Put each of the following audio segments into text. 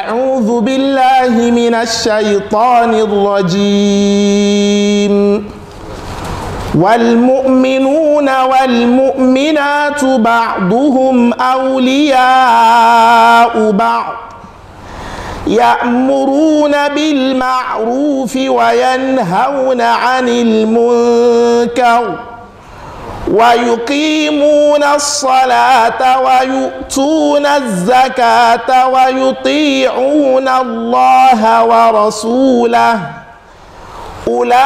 أعوذ بالله من الشيطان الرجيم والمؤمنون والمؤمنات بعضهم أولياء بعض يأمرون بالمعروف وينهون عن المنكر ويقيمون الصلاة ويؤتون الزكاة ويطيعون الله ورسوله أولئك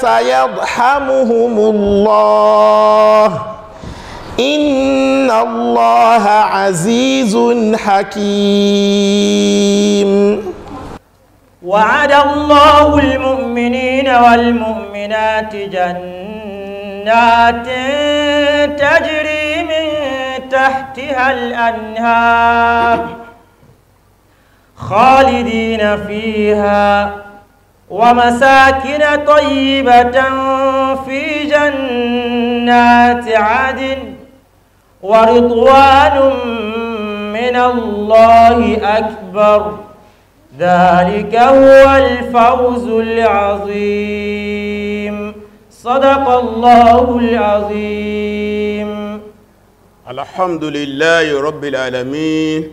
سيرحمهم الله إن الله عزيز حكيم وعد الله المؤمنين والمؤمنات جنات تجري من تحتها الأنهار خالدين فيها ومساكن طيبة في جنات عدن ورضوان من الله أكبر ذلك هو الفوز العظيم صدق الله العظيم الحمد لله رب العالمين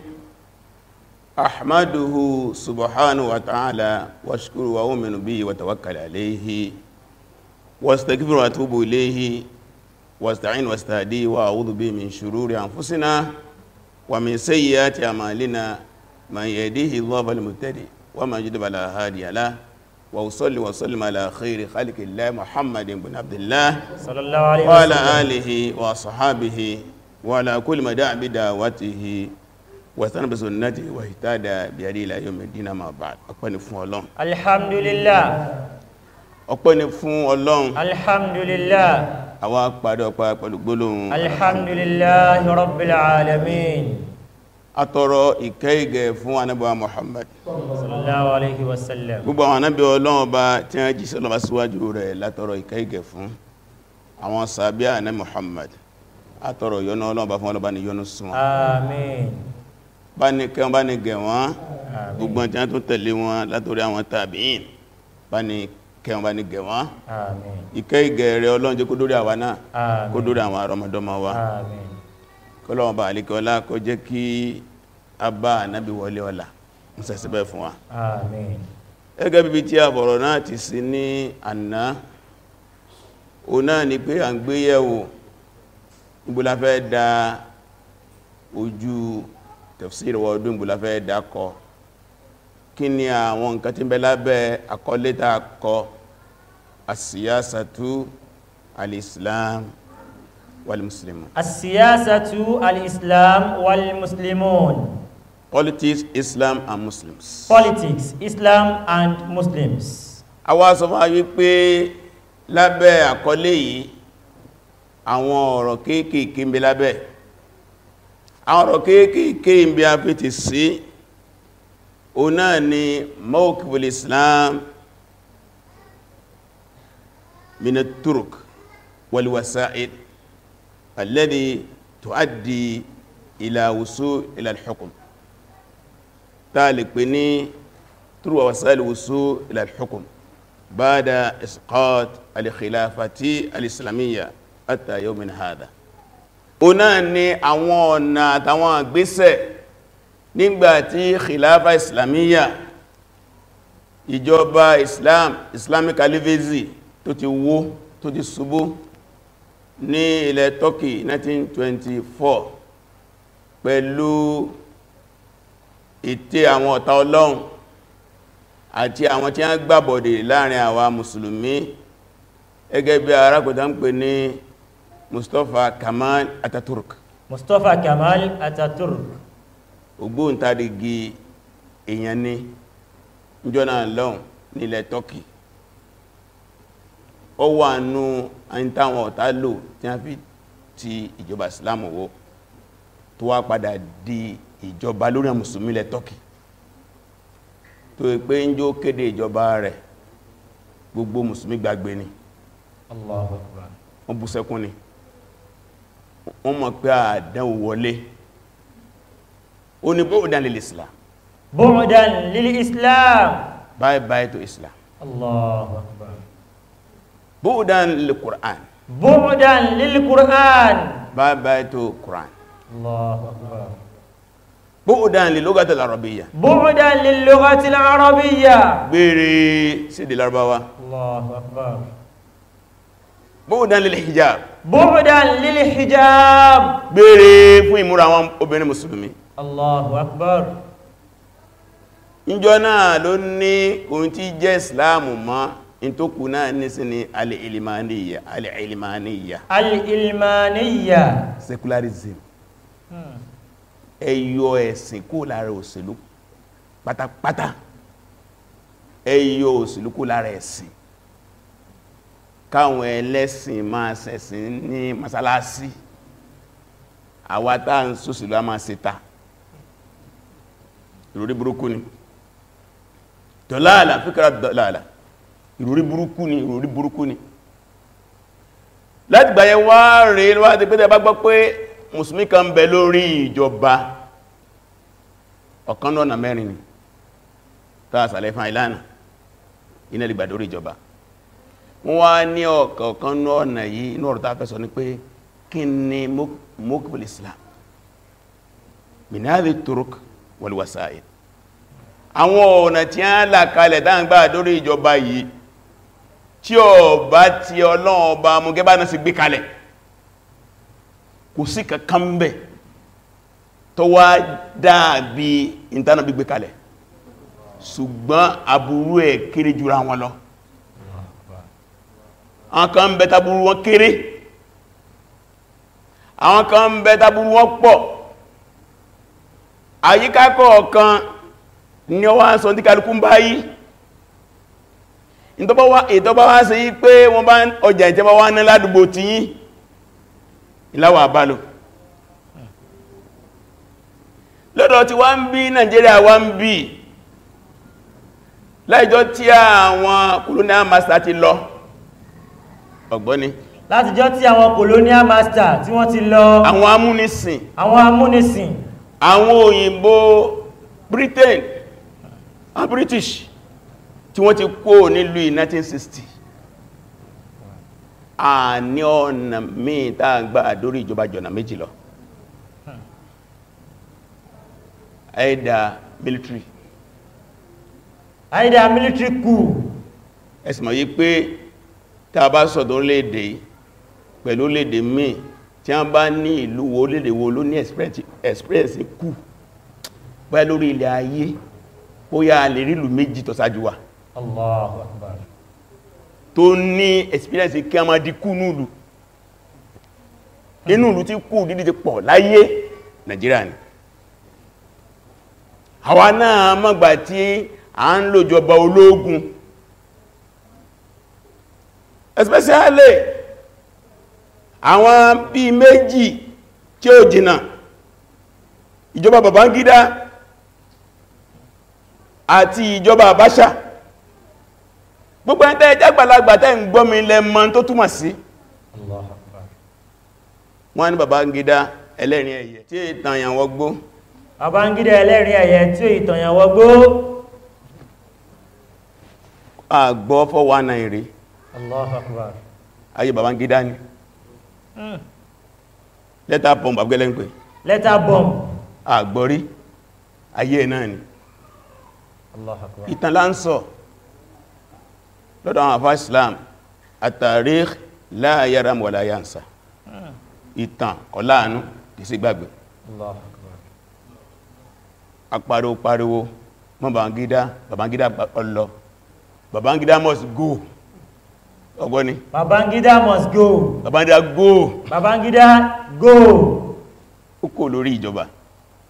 أحمده سبحانه وتعالى واشكر وأؤمن به وتوكل عليه واستغفر وأتوب إليه واستعين واستهدي وأعوذ به من شرور أنفسنا ومن سيئات أعمالنا من يهديه الله فالمهتدي ومن يضلل فلا هادي له وأصلي وأسلم على خير خلق الله محمد بن عبد الله صلى الله عليه وسلم وعلى آله وأصحابه وعلى كل من دعا بدعوته واستنى بسنته واهتدى بهديه إلى يوم الدين ما بعد ọpẹ́ ni fún Ọlọ́run alhamdulillah ọpẹ́ ni fún Ọlọ́run alhamdulillah àwa pàdé ọpẹ́ pẹ̀lú gbólóhùn alhamdulillah rabbil alamin àtọrọ ìkẹ́ ìgẹ̀ fún anábíwa Muhammad sallallahu alaihi wasallam gbogbo àwọn anábí Ọlọ́run bá tí a jí sọ́lọ́bá síwájú rẹ̀ látọrọ ìkẹ́ ìgẹ̀ fún àwọn sàbí àná Muhammad àtọrọ yọ́nú Ọlọ́run bá fún ọlọ́bá ni yọ́nú sún àmín bá ní kẹ́ bá ní gẹ̀ wọ́n gbogbo tí tó tẹ̀lé wọn látọrí àwọn tàbíìn bá ní kẹ́ wọn bá ní gẹ̀ wọ́n àmín ìkẹ́ ìgẹ̀ kọ́lọ̀wọ̀n bá àlíkẹ́ ọlá kó jẹ́ kí a bá ànábì wọlé ọlá ń sẹ́sẹ́bẹ̀ fún wa àmín ẹgẹ́ bíbi tí a bọ̀rọ̀ náà ti sí ní àná o náà ni pé à ń gbé yẹ̀wò ìgbòláfẹ́ da ojú tafsir wa ọdún ìgbòláfẹ́ da kọ kí ni àwọn nǹkan tí ń bẹ lábẹ́ àkọlé a kọ àsíyásàtú al-Islam والمسلمون السياسة الإسلام والمسلمون Politics, Islam and Muslims. Politics, Islam and Muslims. A wá sọ fún ayé pé lábẹ́ àkọlé yìí, àwọn ọ̀rọ̀ kéékèèké ń bẹ lábẹ́. Àwọn ọ̀rọ̀ kéékèèké ń bẹ afẹ́tì sí, o náà ni Mawqiful Islam, Minat Turk, wal wasa'id. الذي tuaddi ila wusul ila الحكم، ذلك بني lè pè ní through الحكم بعد ila al-hukm حتى يوم هذا. khilafati al-islamiyya hatta yawmin hadha ọ̀nà ni àwọn ọ̀nà àtàwọn àgbésẹ̀ nígbàtí khilafa islamiyya ìjọba islam islamic caliphate tó ti wó tó ti ṣubú ní ilẹ̀ Turkey 1924 pẹ̀lú ìtẹ́ àwọn ọ̀tá ọlọ́run àti àwọn tí a ń gbàbọ̀dẹ̀ láàrin àwa mùsùlùmí gẹ́gẹ́ bí arákùnta ń pè ní Mustafa Kemal Ataturk mustapha Kemal Ataturk ògbóǹtarìgì èèyàn ní jọ́nà lọ́un nílẹ̀ Turkey ó wà nú àìntàwọn ọ̀tá lò tí a fi ti ìjọba islam wó tó wá padà di ìjọba lórí àmùsùmí lẹ tọ́kì tó pé ń jó kéde ìjọba rẹ̀ gbogbo mùsùlùmí gbàgbé ni Allahu Akbar wọ́n bú sẹ́kún ni wọ́n mọ̀ pé àdán wọlé ó ní bọ́ọ̀dán lílì islam bọ́ọ̀dán lílì islam bye bye to islam Allahu Akbar bu'dan lil Qur'an bu'dan lil Qur'an bàbá ètò Qur'an Allahu Akbar bu'dan lil lughati al arabiyya bu'dan lil lughati al arabiyya gbèrè sí di Lárúbáwá Allahu Akbar bu'dan lil hijab bu'dan lil hijab gbèrè fún ìmúra àwọn obìnrin mùsùlùmí Allahu Akbar ìjọ náà ló ní ohun tí jẹ́ ìsìláàmù mọ́ in tó kù náà nísìn ni alìlìmáníyà alìlìmáníyà alìlìmáníyà secularism ẹ̀yọ hmm. ẹ̀sìn kó lára òṣèlú pátápátá ẹ̀yọ òṣèlú kó lára ẹ̀sìn káwọn ẹlẹ́sìn máa ṣẹ̀sìn ní masalasi àwátá ń sóṣèlú a máa seta lórí burúkú ni dọ̀láàlá fíkàrà dọ̀láàlá ìròrí burúkú ni ìròrí burúkú ni láti gbàyẹ wá rẹ̀ wá ti pẹ́tẹ̀ bá gbọ́ pé mùsùlùmí kan bẹ lórí ìjọba ọ̀kan lọ́nà mẹ́rin ni tàà sàlẹ̀ fún ìlànà iná lè gbà lórí ìjọba wọ́n wá ní ọ̀kan lọ́nà yìí inú ọ̀rọ̀ fẹ́ sọ ni pé kí ni mokbul islam minadi turuk wal wasail àwọn ọ̀nà tí a ń là kalẹ̀ dáǹgbà lórí ìjọba yìí tí ó bá ti ọlọ́run ọba mú gẹ́bá náà sì gbé kalẹ̀ kò sí kankan bẹ̀ tó wá dáàbí ìntánà gbígbé kalẹ̀ ṣùgbọ́n aburú ẹ̀ kéré jùra wọn lọ àwọn kan ń bẹ taburú wọn kéré àwọn kan ń bẹ taburú wọn pọ̀ àyíká ni ó wá ń sọ tí kálukú báyìí ìtọ́bá wá sí pé wọ́n bá ọjà ìjẹba wá ní ládùgbò tí yí ìláwà àbálò lọ́dọ̀ tí wá ń bí Nàìjíríà wá ń bí láìjọ́ tí àwọn colonial master ti lọ ọ̀gbọ́ni láti jọ́ tí àwọn colonial master tí wọ́n ti lọ àwọn amúnisìn àwọn amúnisìn àwọn òyìnbó Britain and British tí wọ́n ti kó nílùú 1960 a ní ọ̀nà míì táà gbà dórí ìjọba jọ̀nà méjì lọ aida military aida military coup ẹ̀sìmọ̀ yí pé tàà bá sọ̀dọ̀ léèdè pẹ̀lú léèdè míì tí a bá ní ìlú wo léèdè wo ló ní experience coup pẹ̀lú orí ilẹ̀ ayé ó yá lè rí ìlú méjì tó Allahu Akbar tó ní experience kí a máa di kú núlù inú ìlú tí kú dídí ti pọ̀ láyé Nàìjíríà ni àwa náà mọ́gbà tí a ń lò jọba ológun especially àwọn bí méjì tí ó jìnà ìjọba Babangida àti ìjọba Abacha gbogbo ẹni tẹ́ jágbàlagbà tẹ́ ń gbọ́ mi lẹ mọ́ tó túmọ̀ sí wọ́n ní Babangida ẹlẹ́rin ẹ̀yẹ tí ìtànyàn wọgbó Babangida ẹlẹ́rin ẹ̀yẹ tí ìtànyàn wọgbó àgbọ́ 419 rí Allahu Akbar ayé Babangida ni lẹ́tà bọ̀m bàbgẹ́lẹ́ ń pè lẹ́tà bọ̀m àgbọ́rí ayé náà ni Allahu Akbar ìtàn láńsọ̀ lọ́dọ̀ àwọn àfá Islam at-tarikh la yaram wa la yansa ìtàn ọláàánú kì sí gbàgbé apariwo pariwo mọ́ Babangida Babangida ọlọ Babangida must go ọgbọ́ni Babangida must go Babangida go Babangida go ó kò lórí ìjọba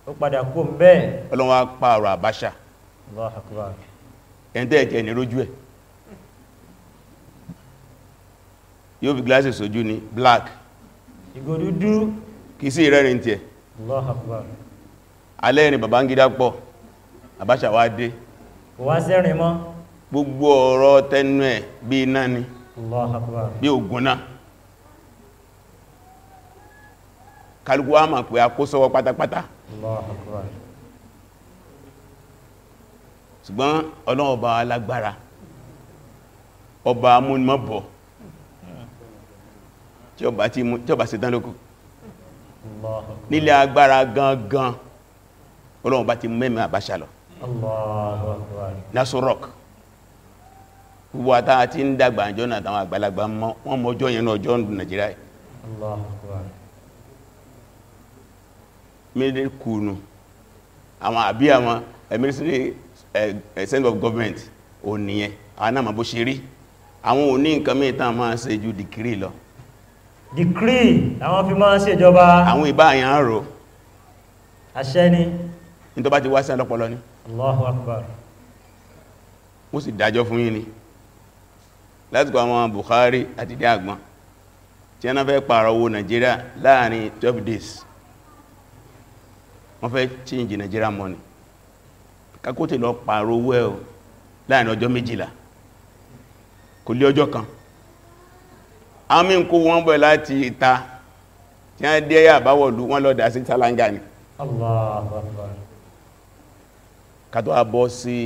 ó padà kó ń bẹ́ẹ̀ ọlọ́wọ́ pààrọ̀ Abacha Allah akbar ní rójú ẹ̀ yóò fi glasses ojú ní black ìgò dúdú kì í sí ìrẹ́rin tí ẹ alẹ́ ni Babangida pọ̀ Abacha wá dé wá sẹ́rin mọ́ gbogbo ọ̀rọ̀ tẹnu ẹ̀ bí iná ni bí ogun náà kálùkù á máa pè a kó sọ́wọ́ pátápátá ṣùgbọ́n ọlọ́ọ̀bá alágbára ọba amúnmọ́bọ̀ tí ó bá ti mú tí ó bá ṣe tán lókù nílé agbára gangan ọlọ́run bá ti mẹ́mẹ́ àbáṣà lọ nasorok gbogbo àtà àti ń dàgbà àjọ náà àtàwọn àgbàlagbà wọn mọ́jọ́ yẹn náà ọjọ́ ń dùn nàìjíríà mílẹ̀ kùnù àwọn àbí àwọn eh, ministry eh, eh, center of government ò nìyẹn àwọn náà ma bó ṣe rí àwọn ò nǹkan mẹ́ta máa ṣe ju dìkírí lọ decree àwọn fi máa ń ṣe ìjọba àwọn ìbá àyàn ń rò àṣẹ ni ní tó bá ti wá sí ọlọ́pọlọ ni Allahu Akbar wọ́n sì dájọ́ fún yín ni láti kọ àwọn Buhari àti dé àgbọn tí a náà fẹ́ pààrọ̀ owó Nigeria láàrin 12 days wọ́n fẹ́ change Nigeria money kakó tí lọ pààrọ̀ owó ẹ̀ láàrin ọjọ́ méjìlá kò lé ọjọ́ kan àmì ń kó wọ́n bọ̀ láti ìta tí a dé yà báwọ̀lú wọ́n lọ́dá sí tàlangà ni Allahu Akbar kàtọ́ àbọ́ sí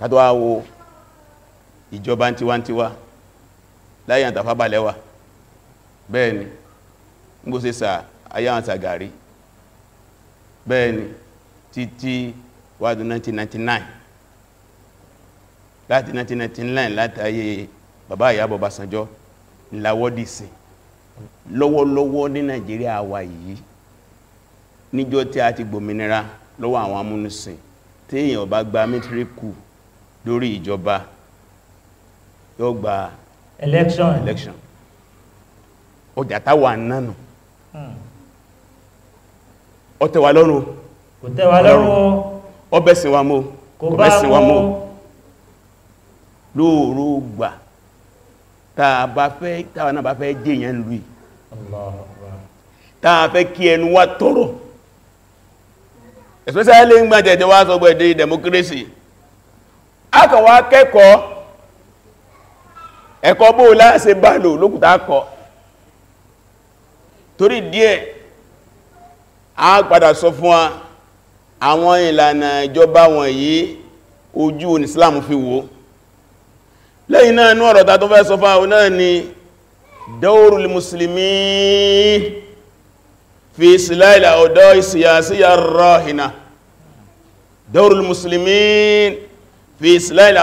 kàtọ́ àwọ ìjọba tiwantiwa láyé àtàfà balẹ̀wà bẹ́ẹ̀ni gbóṣe sà ayáwọn sàgàrí bẹ́ẹ̀ni títí wádùn 1999 láti 1999 látàyé bàbá Ìyábọ̀ Ọbásanjọ́ láwọ́dì sí lọ́wọ́lọ́wọ́ ní Nàìjíríà wà yìí níjọ́ tí a ti gbòmìnira lọ́wọ́ àwọn amúnisìn tí èèyàn bá gba mítríkù lórí ìjọba yóò gba election election ọjà táwà nánu hmm. ó tẹ́ wa lọ́rùn kò tẹ́ wa lọ́rùn ó bẹ́sìn bẹ́sìn wa mọ́ lóòrò gbà tàà bá fẹ́ tàà náà bá fẹ́ jẹ́ èèyàn lú ì tàà fẹ́ kí ẹnu wá tọrọ especially ń gbájẹ̀ tí sọ gbẹ̀dẹ̀ democracy akọ̀wà kẹ́kọ̀ọ́ ẹ̀kọ́ bó láàṣẹ bá lò lókùtà kọ torí díẹ̀ a padà sọ fún àwọn ìlànà ìjọba wọ̀nyí ojú Islam fi wò lẹ́yìn náà inú ọ̀rọ̀ ta tó fẹ́ sọ fáwọn náà ni dawrul muslimin fi silal awda'i siyasiyya rahina dawrul muslimin fi silal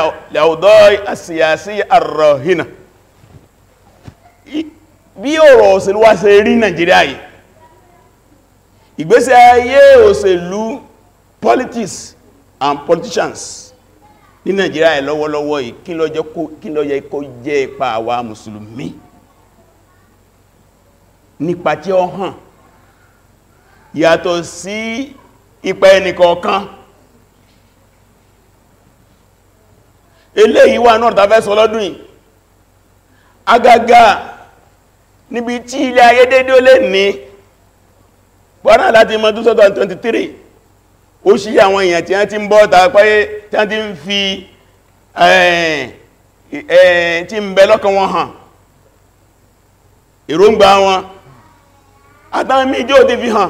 awda'i siyasiyya rahina bí ọ̀rọ̀ òṣèlú wá ṣe rí Nàìjíríà yìí ìgbésẹ̀ ayé òṣèlú politics and politicians ní nàìjíríà ẹ̀ lọ́wọ́lọ́wọ́ yìí kí ló yẹ kó jẹ́ ipa àwa mùsùlùmí nípa tí ó hàn yàtọ̀ sí ipa ẹnìkọ̀ọ̀kan eléyìí wà náà tàbẹ́ sọ lọ́dún yìí agaga níbi tí ilé ayé dédé ó lè ní pọ́nà láti mọ́ 2023 ó sì yí àwọn èèyàn tí wọ́n ti ń bọ́ ta pé tí wọ́n ti ń fi eh, eh, eh, tí ń bẹ lọ́kàn wọn hàn èròǹgbà wọn àtàwọn méjì ò ti fi hàn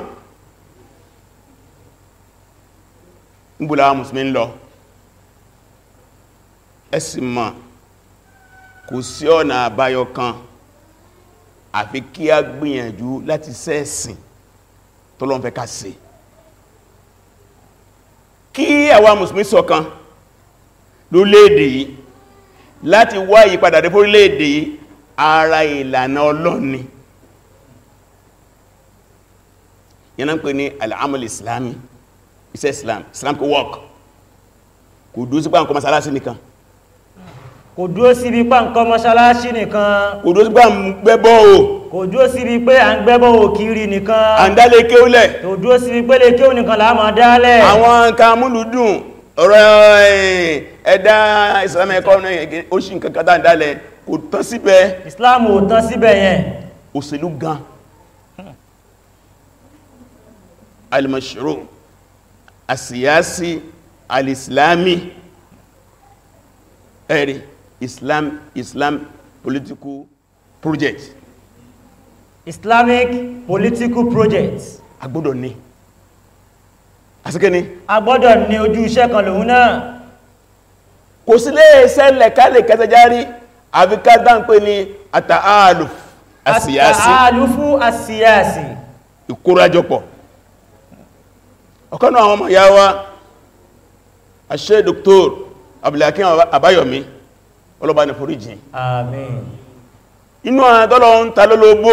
níbùlá musulmi ń lọ ẹ̀sìn mọ̀ kò sí ọ̀nà àbáyọ kan àfi kí a gbìyànjú láti ṣẹ̀sìn tó lọ́n fẹ́ ká ṣe kí àwa mùsùlùmí ṣọ̀kan lórílẹ̀-èdè yìí láti wá ìyípadà dé fórílẹ̀ yìí ara ìlànà ọlọ́ni yẹn ń pè ní al'amul islami iṣẹ́ islam islam kò work kò dúó sí pàǹkọ masalasi nìkan kò dúó sí bí pàǹkọ masalasi nìkan kò dúó sí pàǹkọ gbẹ́bọ́ o kò dúró síbi pé à ń gbẹ́bọ̀ òkiri nìkan à ń dálé kéúlẹ̀ kò dúró síbi pé lè kéú nìkan láàmà dálẹ̀ àwọn nǹkan amúlùdùn ọ̀rọ̀ ẹ̀dá ìsìlámù ẹ̀kọ́ oṣù nǹkan kan dáa dálẹ̀ kò tán síbẹ̀ ìsìlámù ò tán síbẹ̀ yẹn òṣèlú gan al-mashru asiyasi al-islami ẹ̀rí islam islam political project Islamic political projects agbọ́dọ̀ ní àsìkẹ́ ni agbọ́dọ̀ ní ojú iṣẹ́ kan lòun náà kò sí lè ṣẹlẹ̀ kálẹ̀ kẹtẹjárí àfikádá ń pè ní àtàálùf àsìyàsì àtàálùfú àsìyàsì ìkórajọpọ̀ ọ̀kan náà àwọn ọmọ ìyá wa àṣẹ Dr. Abdulhakeem Àbáyọ̀mí ọlọ́bá ní foríjìn inú àdọ́lọ́ ń ta lólobó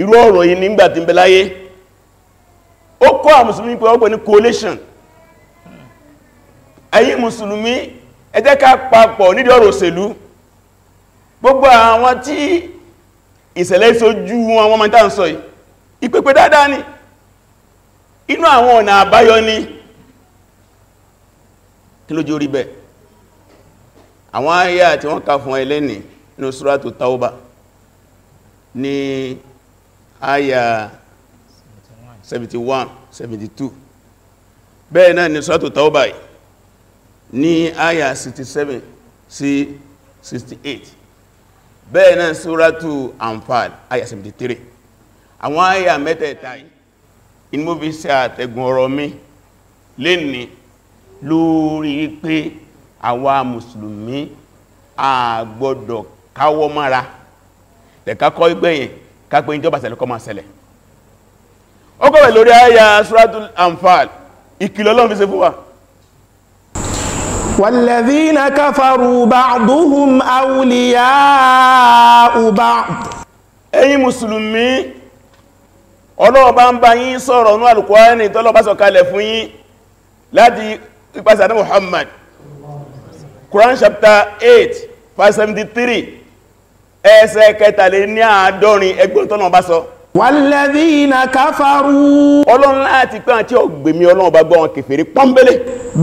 irú ọ̀rọ̀ yìí nígbà tí ń bẹ láyé ó kọ́ àwọn mùsùlùmí pé ọgbẹ̀ ní coalition ẹ̀yin mùsùlùmí ẹ jẹ́ ká papọ̀ nídìí ọ̀rọ̀ òṣèlú gbogbo àwọn tí ìṣẹ̀lẹ̀ ìṣojú wọn wọ́n mọ́ta ń sọ yìí dáadáa ni inú àwọn ọ̀nà àbáyọ ni kí ló jẹ́ orí bẹ́ẹ̀ àwọn ayé àti wọ́n ká fún ẹlẹ́ni inú Suratu Tauba ni aya 71 72 bẹ́ẹ̀ náà ni sọ́tò taubá ní aya 67 sí 68 bẹ́ẹ̀ náà suratu Anfal aya 73 àwọn aya mẹ́tẹ̀ẹ̀ta inú mú fi ṣe àtẹ̀gùn ọ̀rọ̀ mi lè ní lórí pé àwa mùsùlùmí a gbọ́dọ̀ káwọ́ mára tẹ̀kákọ́ ìgbẹ̀yìn kápẹ́ ìjọba ṣẹlẹ̀ kọ́ máa ṣẹlẹ̀ ó kọ̀wẹ̀ lórí ayá suratul anfal ìkìlọ̀ Ọlọ́run fi ṣe fún wa والذين كفروا بعضهم أولياء بعض ẹ̀yin mùsùlùmí Ọlọ́run bá ń bá yín sọ̀rọ̀ ní Al-Qur'ani tọ́lọ́ bá fún yín láti ipasẹ̀ Muhammad Quran chapter 8 verse 73 ẹsẹ̀ kẹtàlẹ̀ ní àádọ́rin ẹgbọ́n tọ́nà bá sọ wàlẹ́dínà káfàrú ọlọ́run láti pé àti ọgbẹ̀mí ọlọ́run bá gbọ́n kèfèrí pọ́nbélé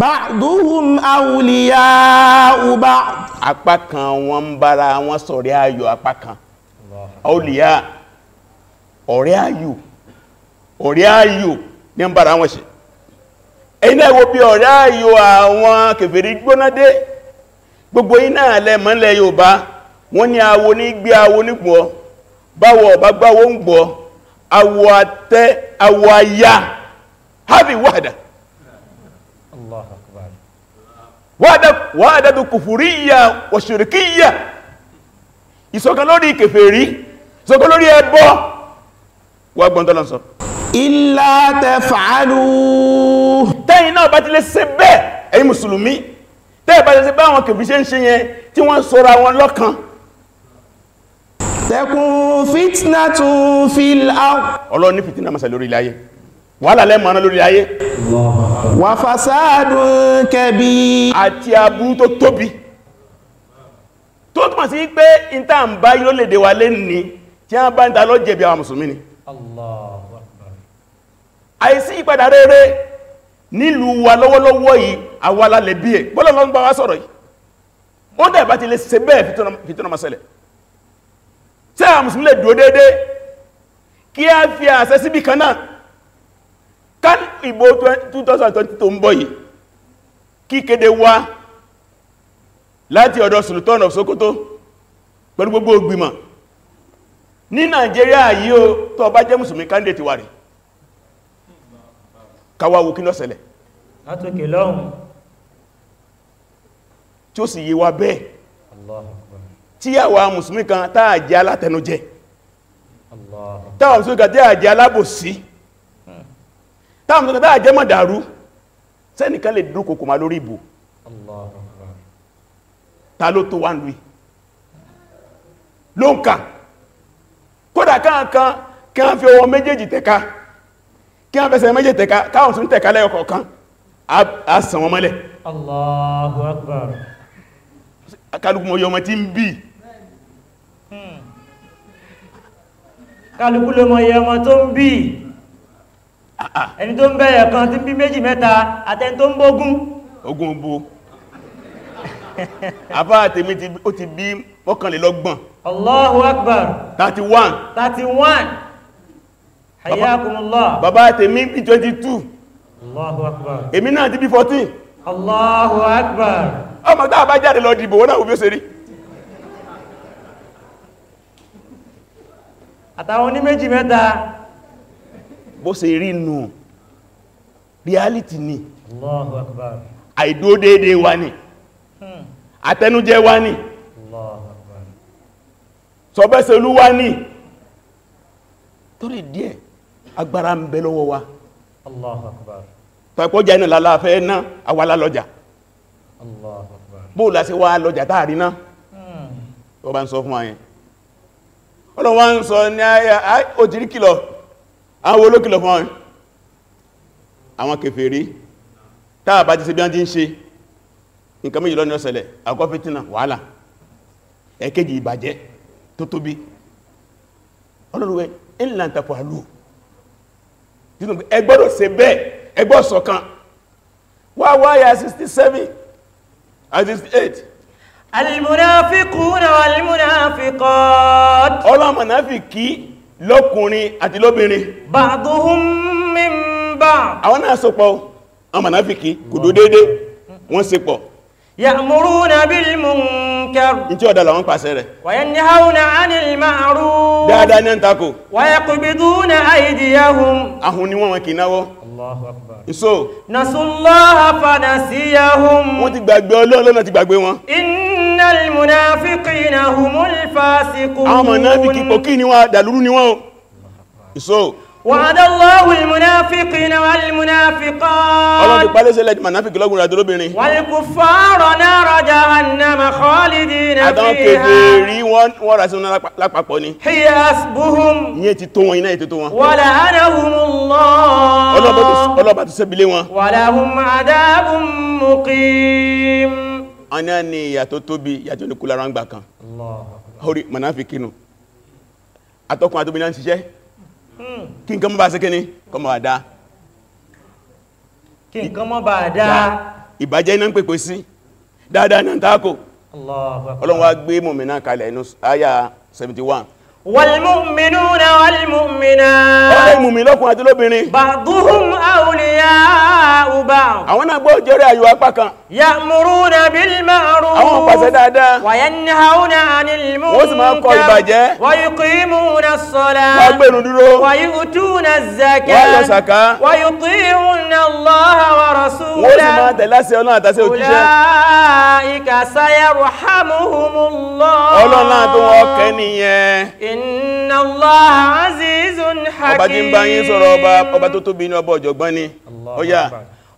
ba'duhum awliya'u ba'd apá kan wọn ń bára wọn sọ̀rẹ́ ayọ̀ apá kan awliya ọ̀rẹ́ ayọ̀ ọ̀rẹ́ ayọ̀ ní ń bára wọn ṣe ẹ̀yin náà wo bí ọ̀rẹ́ ayọ̀ àwọn gbogbo iná alẹ́ mọ́lẹ̀ wọ́n ní awo ní gbé awo nígbọ́ báwọ̀ ọ̀bá gbáwó ń gbọ́ awo àtẹ́ awo àyà hafi wahda Allahu akbar wahda tó kufuriyya wa shirkiyya ìṣọ̀kan lórí kèfèrí ìṣọ̀kan lórí ẹbọ wà gbọ́ntọ́lọ́sọ illa taf'alu tẹ́yìn náà bá ti lè ṣe bẹ́ẹ̀ ẹ̀yin mùsùlùmí tẹ́ẹ̀ bá ti lè ṣe bá àwọn kèfèrí ṣe ń ṣe yẹn tí wọ́n sọ́ra wọn lọ́kan tẹkùn fitna tún fi láàá ọlọ́run ní fitna mọ́sẹ̀ lórí ilẹ̀ ayé wàhálà lẹ́mọ̀ọ́ná lórí ayé wà fàṣádùn kẹbí àti aburú tó tóbi tó túnmọ̀ sí pé ìta ń bá yíó lè dé wà lé ní tí a bá ń ta lọ jẹ̀bi àwọn mùsùlùmí ni Allahu Akbar àìsí ìpadà rere nílùú wa lọ́wọ́lọ́wọ́ yìí àwa la lè bí ẹ̀ bọ́lọ́lọ́ wá sọ̀rọ̀ yìí ó dẹ̀ bá ti lè ṣe bẹ́ẹ̀ fìtọ́nà mọ́sẹ̀lẹ̀ tí a musulmi lè dúró dédé kí a fi àṣẹ síbì kan náà ká ìbò 2020 tó ń bọ̀ yìí kí kéde wá láti ọ̀dọ̀ Sultan of Sokoto pẹ̀lú gbogbo ògbìmọ̀ ní Nàìjíríà yìí o tó bá jẹ́ musulmi candidate wà rí káwàwó kí ló ṣẹlẹ̀ látòkè lọ́hùn tí ó sì yíwa bẹ́ẹ̀ Allah tí àwa mùsùlùmí kan táà jẹ́ alátẹnujẹ táà mùsùlùmí kan táà jẹ́ alábòsí táà mùsùlùmí kan táà jẹ́ mọ̀dàrú sẹ́nìkan lè dúró kòkòmà lórí ìbò ta ló tó wà lórí ló ń kà kódà káàkan kí wọ́n fi ọwọ́ méjèèjì tẹ̀ka kí wọ́n fẹsẹ̀ méjèèjì tẹ̀ka káwọn tún tẹ̀ka lẹ́yọkọ̀ọ̀kan a sàn wọn mọ́lẹ̀ Allahu Akbar kálùkù mọ̀ yọmọ tí ń bíi kálukú ló mọ iye ọmọ tó ń bí ah, ah. ẹni tó ń bẹ̀rẹ̀ kan tí ń bí méjì mẹ́ta àtẹni tó ń bógún ogún bú àbá àtèmi ó ti bí mọ́kànlélọ́gbọ̀n Allahu Akbar 31 31 hayakumullah bàbá àtèmi bí 22 Allahu Akbar èmi náà ti bí 14 Allahu Akbar ọmọ tá a bá jáde lọ dìbò wọ́n náà wù bí ó àtàwọn oní méjì mẹ́ta bó ṣe rí nù reality ni Allahu Akbar àìdó déédé wa ni hmm. àtẹnujẹ wa ni Allahu Akbar sọ̀bẹ́sẹ̀lú wa ni torí díẹ̀ agbára ń bẹ lọ́wọ́ wa Allahu Akbar tọ́ẹ̀kọ́jà iná lálàáfẹ́ náà àwàlá lọ́jà Allahu Akbar bóòlá sí wá lọ́jà táàrí náà tó hmm. ń sọ fún àyẹn ọlọ́wọ́ ń sọ ní àyà òjìrí kìlọ̀ àwọn olókìlọ̀ fún àwọn kèfèrí táà bá ti ṣe bí wọ́n ti ń ṣe nǹkan méjì lọ́nà ọ̀sẹ̀lẹ̀ àkọ́kọ́ fìtínà wàhálà ẹ̀kejì ìbàjẹ́ tó tóbi ọlọ́rùwẹ́ ìlàntàpọ̀ àlú ẹgbọ́dọ̀ ṣe bẹ́ẹ̀ ẹgbọ́ ṣọ̀kan alìmúnáfíkúnà alìmúnáfíkọ́t ọlọ́mọ̀náfíkí lọ́kùnrin àti lóbìnrin ba'duhum min ba'd àwọn náà sọpọ̀ ọmọ̀náfíkí kò dó dédé wọ́n sọpọ̀ ya'muruna bil munkar ǹtí ọ̀dá làwọn pàṣẹ rẹ̀ wa yanhauna 'anil ma'ruf dáadáa ní ǹtakò wa yaqbiduna aydiyahum ahun ni wọ́n wọn kì náwọ́ Allahu akbar so nasullaha fanasiyahum wọ́n ti gbàgbé Ọlọ́run innal munafiqina humul fasiqun àwọn munafiki pòkí ni wọ́n dàlúrú ni wọ́n so wa'ada Allahu al-munafiqina wal-munafiqat ọlọ́run ti pàdé sílẹ̀ munafiki lọ́gùn rẹ̀ lóbìnrin wal-kuffara nara jahannama khalidina fiha àtàwọn kèfè rí wọ́n rà sínú lápapọ̀ ni hiya hasbuhum ní ètì tó wọn iná ètì tó wọn wa la'anahumullah ọlọ́ba tó sẹ́bílé wọn wa lahum adhabun muqim aná ni ìyà tó tóbi ìyà tó ní kú lára ń gbà kan orí manáfikí nù atọ́kùn àtóbi náà ń ṣiṣẹ́ hmm. kí nǹkan mọ́ bá sí kíní kọ́ mọ́ àdá kí nǹkan mọ́ bá àdá ìbàjẹ́ iná ń pèpè sí dáadáa náà tako ọlọ́run gbé mọ̀mìnà kalẹ̀ inú àyà 71 wal-mu'minuna wal lọ́kùn àti lóbìnrin ba'duhum awliya àyà ọba. àwọn náà gbọ́ jèrè ayò apá kan. ya'muruna bil ma'ruf. àwọn pàṣẹ dáadáa. wa yanhauna 'anil munkar. wọ́n sì máa kọ ìbàjẹ́. wa yuqimuna as-salah. wọ́n gbẹ̀rù dúró. wa yu'tuna az-zakah. wọ́n lọ sàká. wa yuti'una Allaha wọ́n sì máa tẹ̀lé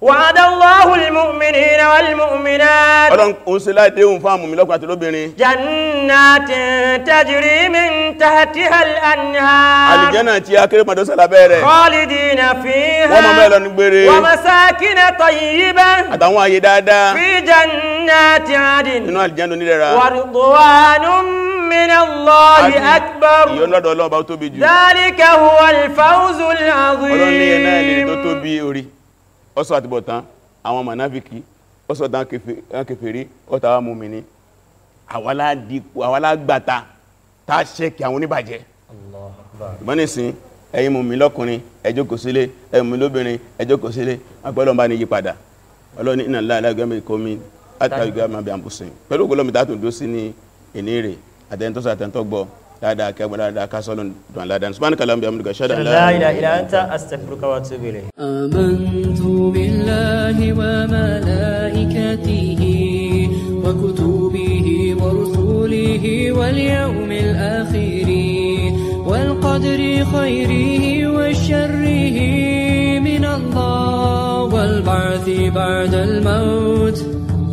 wàdàláhù mùmìnì náà mùmìnà ọdún oúnṣe láìdéhùn fún àmùmí lọ́kùnrin àti lóbìnrin jannatin tajiri min tahti al-anhar aljana a kéré pàdó sálàbẹ́ rẹ̀ khalidina fiha wọ́n mọ̀ mẹ́lọ ní gbére wa masakina tayyibah àtàwọn àyè dáadáa fi jannati adin nínú aljana onírẹ̀ra wa من الله أكبر ذلك هو الفوز العظيم ó sọ àtibọ̀tán àwọn mọ̀náfíkì ó sọ dán kèfèrí ọ̀tàwà mùmìnì àwàlágbàta tá a ṣẹ́kì àwọn oníbàjẹ́ ìbọ́nìsìn ẹ̀yin mùmí lọ́kùnrin ẹ jókòó sílé ẹ̀yin mùmí lóbìnrin ẹ jókòó sílé agbọ́lọ́ bá ní yí padà ọlọ́ni iná láàrín kọ́mí látàrí gbàmàbí àmbùsìn pẹ̀lú ògbólọ́mì tààtùn dó sí ní ìní rẹ̀ àtẹ́ntọ́sọ àtẹ́ntọ́gbọ́ lada ka lada ka salon don ladan subhanaka allahumma bihamdika ashhadu an la ilaha illa anta astaghfiruka wa atubu ilayk amantu billahi wa malaikatihi wa kutubihi wa rusulihi wal yawmil akhir wal qadri khairihi wa sharrihi min Allah wal ba'thi ba'da al maut